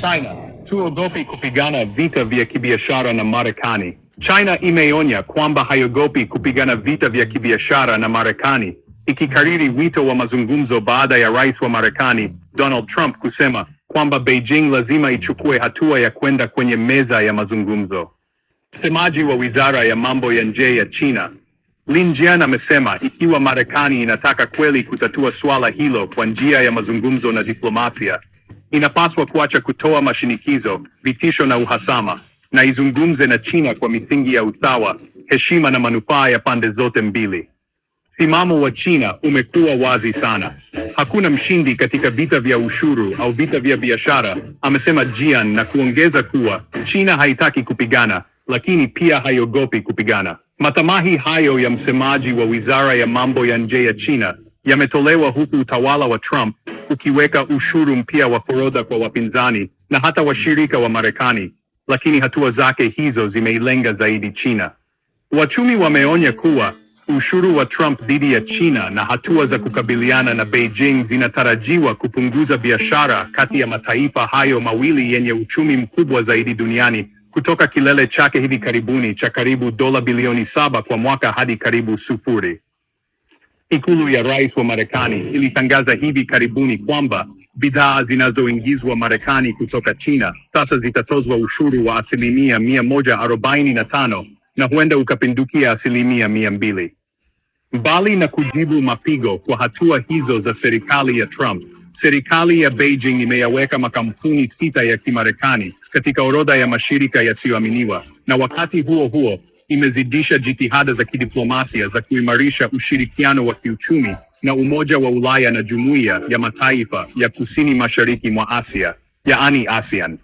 China tuogopi kupigana vita vya kibiashara na Marekani. China imeonya kwamba haiogopi kupigana vita vya kibiashara na Marekani, ikikariri wito wa mazungumzo baada ya rais wa Marekani Donald Trump kusema kwamba Beijing lazima ichukue hatua ya kwenda kwenye meza ya mazungumzo. Msemaji wa wizara ya mambo ya nje ya China Lin Jian amesema ikiwa Marekani inataka kweli kutatua suala hilo kwa njia ya mazungumzo na diplomasia inapaswa kuacha kutoa mashinikizo, vitisho na uhasama, na izungumze na China kwa misingi ya usawa, heshima na manufaa ya pande zote mbili. Msimamo wa China umekuwa wazi sana. Hakuna mshindi katika vita vya ushuru au vita vya biashara, amesema Jian na kuongeza kuwa China haitaki kupigana, lakini pia haiogopi kupigana. Matamahi hayo ya msemaji wa Wizara ya Mambo ya Nje ya China yametolewa huku utawala wa Trump ukiweka ushuru mpya wa forodha kwa wapinzani na hata washirika wa Marekani, lakini hatua zake hizo zimeilenga zaidi China. Wachumi wameonya kuwa ushuru wa Trump dhidi ya China na hatua za kukabiliana na Beijing zinatarajiwa kupunguza biashara kati ya mataifa hayo mawili yenye uchumi mkubwa zaidi duniani kutoka kilele chake hivi karibuni cha karibu dola bilioni saba kwa mwaka hadi karibu sufuri. Ikulu ya rais wa Marekani ilitangaza hivi karibuni kwamba bidhaa zinazoingizwa Marekani kutoka China sasa zitatozwa ushuru wa asilimia mia moja arobaini na tano na huenda ukapindukia asilimia mia mbili. Mbali na kujibu mapigo kwa hatua hizo za serikali ya Trump, serikali ya Beijing imeyaweka makampuni sita ya Kimarekani katika orodha ya mashirika yasiyoaminiwa na wakati huo huo imezidisha jitihada za kidiplomasia za kuimarisha ushirikiano wa kiuchumi na Umoja wa Ulaya na Jumuiya ya Mataifa ya Kusini Mashariki mwa Asia, yaani ASEAN.